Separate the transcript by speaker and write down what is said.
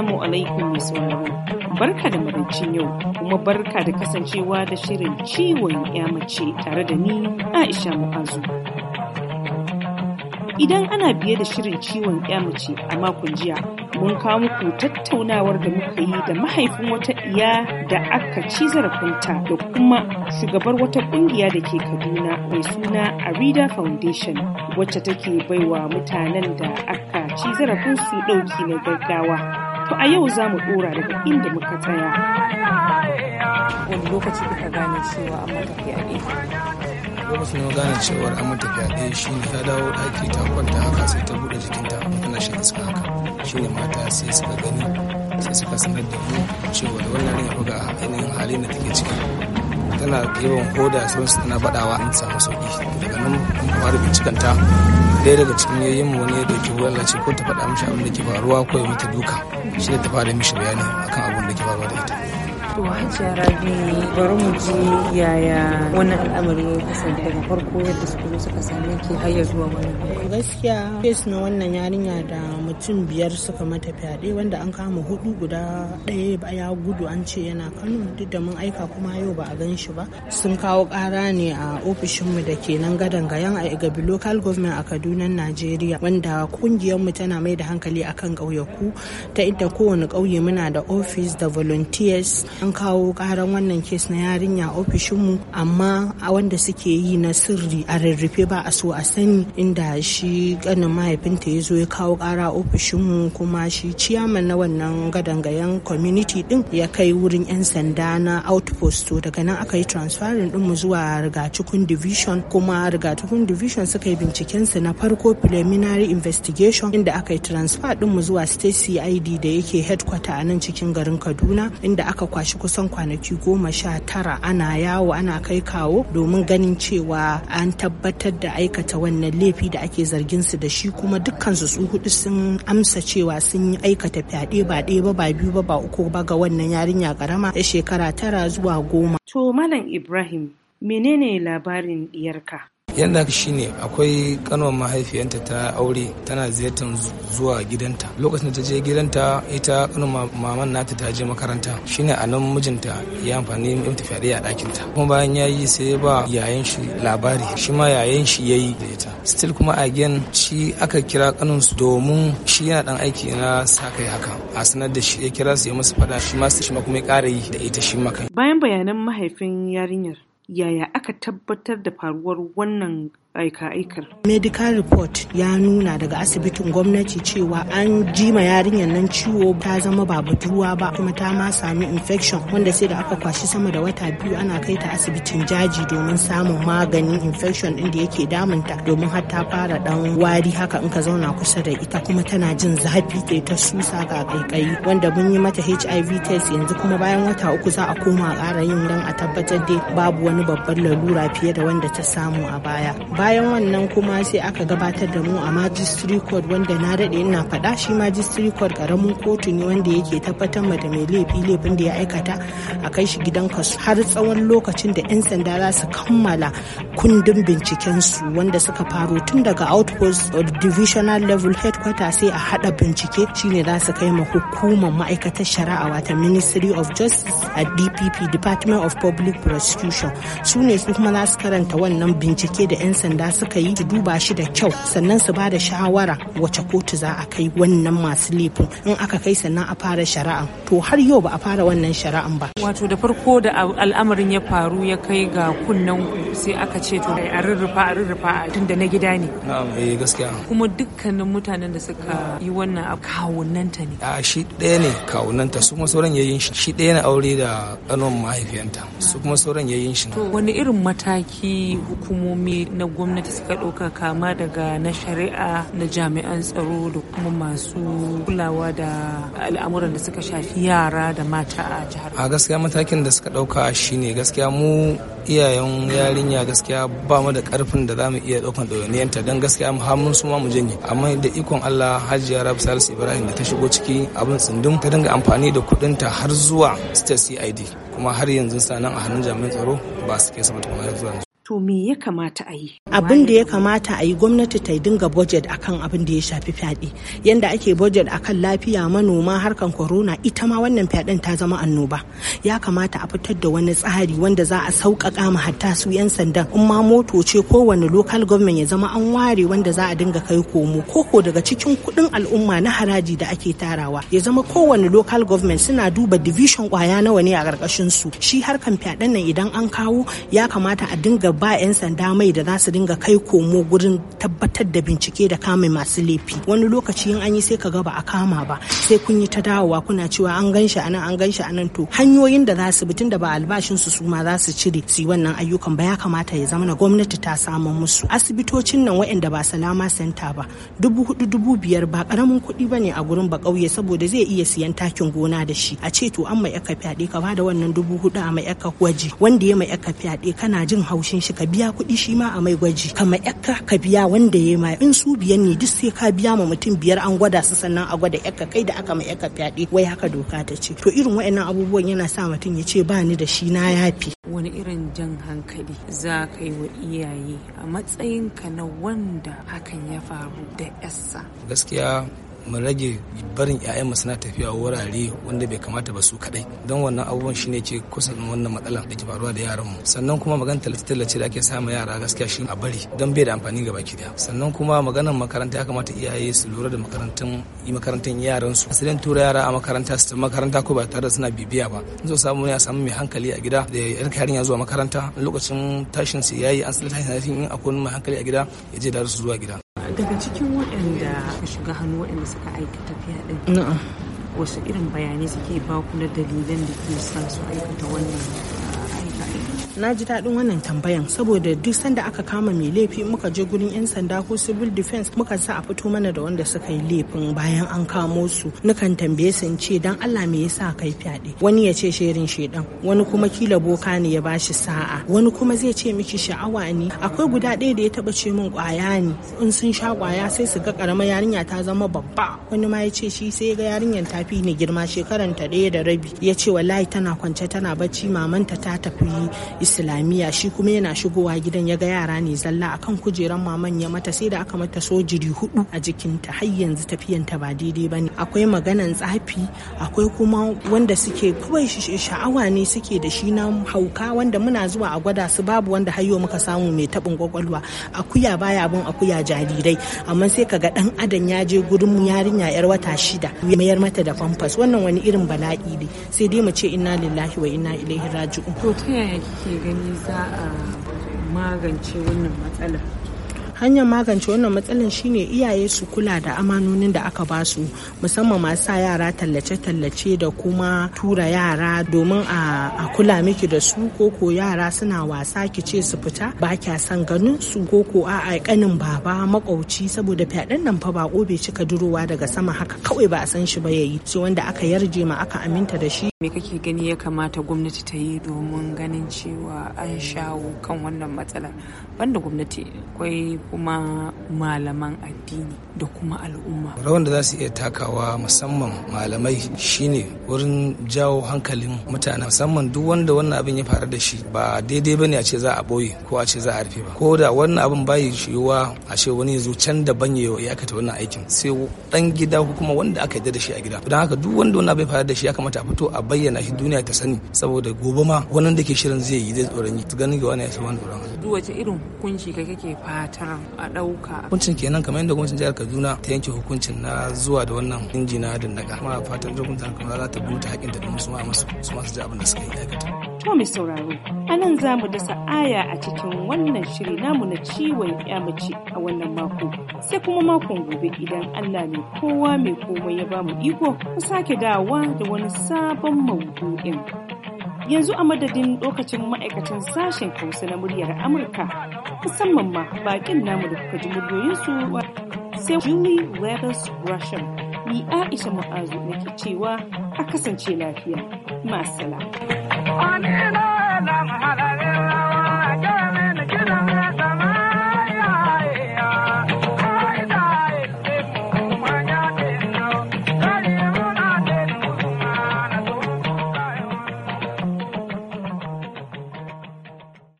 Speaker 1: Assalamu alaikum mai sauraro. Barka da maraicin yau kuma barka da kasancewa da shirin ciwon ya mace tare da ni Aisha Mu'azu. Idan ana biye da shirin ciwon ya mace a makon jiya, mun kawo muku tattaunawar da muka yi da mahaifin wata iya da aka ci zarafinta da kuma shugabar wata kungiya da ke Kaduna mai suna Arida Foundation wacce take baiwa mutanen da aka ci su ɗauki na gaggawa. To a yau za mu ɗora daga inda muka tsaya. Wani lokaci kuka gane cewa an matafi a
Speaker 2: Lokacin na gane cewa an matafi a ɗaya shi ne ta dawo ɗaki ta kwanta haka sai ta buɗe jikinta tana shan iska haka. Shi ne mata sai suka gani sai suka sanar da mu cewa wannan rin abu ga ainihin halin da take ciki. tana yawan hoda sun tana faɗawa an samu sauƙi daga nan an fara bincikanta daya daga cikin yayin mu ne da ke wallace lace ko ta faɗa mishi abin da ke faruwa ko ya mata duka shi ne ta fara mishi bayani akan abin da ke faruwa da ita
Speaker 3: To Hajiya Rabi bari mu ji
Speaker 4: yaya wannan al'amari ya kasance
Speaker 3: daga farko yadda suka zo suka same ki har ya zuwa wani
Speaker 4: Gaskiya na wannan yarinya da mutum biyar suka mata fyaɗe wanda an kama hudu guda ɗaya ya gudu an ce yana Kano duk da mun aika kuma yau ba a gan shi ba. Sun kawo ƙara ne a ofishinmu da ke nan gadan gayan a Igabi local government a Kaduna Najeriya wanda ƙungiyarmu tana mai da hankali akan ƙauyaku ta inda kowane ƙauye muna da ofis da volunteers an kawo karan wannan kes na yarinya ofishinmu amma a wanda suke yi na sirri a rarrafe ba a so a sani inda shi ganin mahaifinta ya zo ya kawo kara ofishinmu kuma shi ciyaman na wannan gadangayen community din ya kai wurin 'yan sanda na outpost to daga nan aka yi transferin dinmu zuwa rigacikun division kuma rigacikun division suka yi su na farko preliminary investigation inda aka yi transfer dinmu zuwa state cid da yake headquarter a nan cikin garin kaduna inda aka kwashi shi kusan kwanaki goma sha tara ana yawo ana kai kawo domin ganin cewa an tabbatar da aikata wannan laifi da ake zargin su da shi kuma dukkan su hudu sun amsa cewa sun yi aikata fyaɗe ba ɗaya ba ba biyu ba ba uku ba ga wannan yarinya karama ya shekara tara zuwa goma. To Malam Ibrahim menene labarin diyarka?
Speaker 2: yanda shine akwai kanon mahaifiyanta ta aure tana ziyartar zuwa gidanta lokacin da ta je gidanta ita kanon maman nata ta je makaranta shine a nan mijinta ya amfani da fyaɗe a ɗakinta kuma bayan ya yi sai ba yayan shi labari shi ma yayan shi ya yi da ita still kuma a again shi aka kira kanon su domin shi yana dan aiki na sa kai haka a sanar da shi ya kira su ya masa faɗa shi ma shi ma kuma ya ƙara yi da ita shi ma
Speaker 1: bayan bayanan mahaifin yarinyar Yaya aka tabbatar da faruwar wannan aika-aikar.
Speaker 4: medical report ya nuna daga asibitin gwamnati cewa an jima yarinyar nan ciwo ta zama ba budurwa ba kuma ta ma sami infection wanda sai da aka kwashi sama da wata biyu ana kai ta asibitin jaji domin samun maganin infection din da yake damunta domin har ta fara dan wari haka in ka zauna kusa da ita kuma tana jin zafi ke ta susa ga kaikayi wanda mun yi mata hiv test yanzu kuma bayan wata uku za a koma ƙara yin dan a tabbatar dai babu wani babban lalura fiye da wanda ta samu a baya bayan wannan kuma sai aka gabatar da mu a magistrate court wanda na daɗe ina faɗa shi magistrate court ƙaramin kotu ne wanda yake tabbatar da mai laifi laifin da ya aikata a kai shi gidan kasu har tsawon lokacin da 'yan sanda za su kammala kundin binciken su wanda suka faro tun daga outpost or divisional level headquarters sai a haɗa bincike shine za su kai ma hukumar ma'aikatar shari'a wata ministry of justice a dpp department of public prosecution su ne su kuma za su karanta wannan bincike da 'yan sanda sanda suka yi su duba shi da kyau sannan su ba da shawara wace kotu za a kai wannan masu laifin in aka kai sannan a fara shari'a to har yau ba a fara wannan shari'an ba
Speaker 3: wato da farko da al'amarin ya faru ya kai ga kunnen sai aka ce to a rurrufa a rurrufa tun da na gida ne
Speaker 2: na'am eh gaskiya
Speaker 3: kuma dukkanin mutanen da suka yi wannan a kawunanta ne
Speaker 2: a shi ɗaya ne kawunanta su kuma sauran yayin shi shi ɗaya na aure da ƙanon mahaifiyanta su kuma sauran yayin shi to
Speaker 3: wani irin mataki hukumomi na gwamnati suka ɗauka kama daga na shari'a na jami'an tsaro da kuma masu kulawa da al'amuran da suka shafi yara da mata a jihar
Speaker 2: a gaskiya matakin da suka ɗauka shine gaskiya mu iyayen yarinya gaskiya ba mu da karfin da za mu iya ɗaukan ɗawainiyanta don gaskiya mu hamun su suma mu janye amma da ikon Allah Hajiya Rabi Salisu Ibrahim da ta shigo ciki abin tsundum ta dinga amfani da kuɗinta har zuwa state CID kuma har yanzu sanan a hannun jami'an tsaro ba su kai sama tukuna zuwa
Speaker 4: to me ya kamata a yi abin da ya kamata a yi gwamnati ta dinga budget akan abin da ya shafi fyaɗe yanda ake budget akan lafiya manoma harkan corona ita ma wannan fyaɗen ta zama annoba ya kamata a fitar da wani tsari wanda za a sauƙaƙa ma hatta su 'yan sandan in ma moto ce kowane local government ya zama an ware wanda za a dinga kai komo koko daga cikin kuɗin al'umma na haraji da ake tarawa ya zama kowane local government suna duba division kwaya nawa ne a ƙarƙashin su shi harkan fyaɗen nan idan an kawo ya kamata a dinga ba 'yan sanda mai da za su dinga kai komo gurin tabbatar da bincike da kame masu laifi wani lokaci in an yi sai ka ga ba a kama ba sai kun yi ta dawowa kuna cewa an gan shi anan an gan shi anan to hanyoyin da za su bi tunda ba albashin su su ma za su cire su wannan ayyukan ba ya kamata ya zama na gwamnati ta samu musu asibitocin nan waɗanda ba salama senta ba dubu hudu dubu biyar ba karamin kuɗi ba ne a gurin ba ƙauye saboda zai iya siyan takin gona da shi a ce to an mai aka fyaɗe ka ba da wannan dubu hudu a mai aka waje wanda ya mai aka fyaɗe kana jin haushin gwajin shi ka biya kuɗi shi ma a mai gwaji kama ƴakka ka biya wanda ya ma in su biyan ne duk sai ka biya ma mutum biyar an gwada su sannan a gwada ƴakka kai da aka ma ƴakka fyaɗe wai haka doka ta ce to irin waɗannan abubuwan yana sa mutum ya ce ba ni da shi na yafi
Speaker 3: wani irin jan hankali za ka yi wa iyaye a matsayinka na wanda hakan ya faru da yassa
Speaker 2: gaskiya mu rage barin 'ya'yanmu suna tafiya wurare wanda bai kamata ba su kadai don wannan abubuwan shine ke kusa wannan matsalan da ke faruwa da yaranmu sannan kuma magana tallace-tallace da ake samun yara gaskiya shi a bari don bai da amfani ga baki daya sannan kuma maganar makaranta ya kamata iyaye su lura da makarantun makarantun yaran su asirin tura yara a makaranta su makaranta ko ba tare da suna bibiya ba in so samu ne a samu mai hankali a gida da yar karin ya zuwa makaranta lokacin tashin su yayi an san tashin in akwai mai hankali a gida ya je da su zuwa gida daga
Speaker 3: cikin waɗanda suka shiga hannu waɗanda suka aikata fyaɗin wasu irin bayanai
Speaker 4: suke baku na dalilan da ke sa su aikata wannan na ji daɗin wannan tambayan saboda duk sanda aka kama mai laifi muka je gurin 'yan sanda ko civil defense muka sa a fito mana da wanda suka yi laifin bayan an kamo su nukan tambaye su ce dan Allah me yasa kai fyaɗe wani ya ce shirin shedan wani kuma kila boka ne ya bashi sa'a wani kuma zai ce miki sha'awa ne akwai guda ɗaya da ya taɓa ce min ƙwaya ne in sun sha ƙwaya sai su ga ƙarama yarinya ta zama babba wani ma ya ce shi sai ga yarinyar ta fi ni girma shekaran ta ɗaya da rabi ya ce wallahi tana kwance tana bacci mamanta ta tafi islamiyya shi kuma yana shigowa gidan ya ga yara ne zalla akan kujeran maman ya mata sai da aka mata sojiri hudu a jikinta har yanzu tafiyanta ba daidai ba ne akwai maganan tsafi akwai kuma wanda suke kawai sha'awa ne suke da shi na hauka wanda muna zuwa a gwada su babu wanda hayo muka samu mai tabin kwakwalwa akuya baya bin akuya jarirai amma sai kaga dan adam ya je gurin yarinya yar wata shida ya mayar mata da famfas wannan wani irin bala'i ne sai dai mu ce inna lillahi wa inna ilaihi raji'un to ta yaya kike gani za a magance wannan matsalar hanyar magance wannan matsalar shine iyaye su kula da amanonin da aka basu musamman masu yara tallace-tallace da kuma tura yara domin a kula miki da su koko yara suna wasa ki ce su fita ba kya san ganin su koko a kanin baba makauci saboda fyaɗen nan fa ba bai cika durowa daga sama haka kawai ba a san shi ba yayi sai wanda aka yarje ma aka aminta da shi me kake gani ya kamata gwamnati ta yi domin ganin cewa an shawo
Speaker 3: kan wannan matsalar banda gwamnati akwai kuma malaman addini da kuma
Speaker 2: al'umma. Rawan da za su iya takawa musamman malamai shine wurin jawo hankalin mutane musamman duk wanda wannan abin ya faru da shi ba daidai bane a ce za a boye ko a ce za a rufe ba. Ko da wannan abin bai yiwuwa a ce wani zo can daban ya ya aikata wannan aikin sai dan gida ko kuma wanda aka yarda da shi a gida. Don haka duk wanda wannan abin faru da shi ya kamata a fito a bayyana shi duniya ta sani saboda gobe ma wannan da ke shirin zai yi zai tsoron yi ganin ga wani ya san wani tsoron.
Speaker 3: Duk wace irin kunshi kake fatar a ɗauka.
Speaker 2: Hukuncin kenan kamar yadda gwamnatin jihar Kaduna ta yanke hukuncin na zuwa da wannan injina da naga. Kuma fatan jirgin jihar Kaduna za ta buta haƙƙin da su ma masu su masu ji abin da suka yi
Speaker 1: aikata. To mai sauraro, a nan za mu dasa aya a cikin wannan shiri namu na ciwon mace a wannan mako. Sai kuma makon gobe idan Allah ne kowa mai komai ya bamu iko, ku sake dawa da wani sabon maudu'in. Yanzu a madadin lokacin ma'aikatan sashen Hausa na muryar Amurka, musamman ma bakin namu da kuka ji muryoyinsu sai Julie Weathers Russian ni Aisha Mu'azu nake cewa a kasance lafiya. Masala.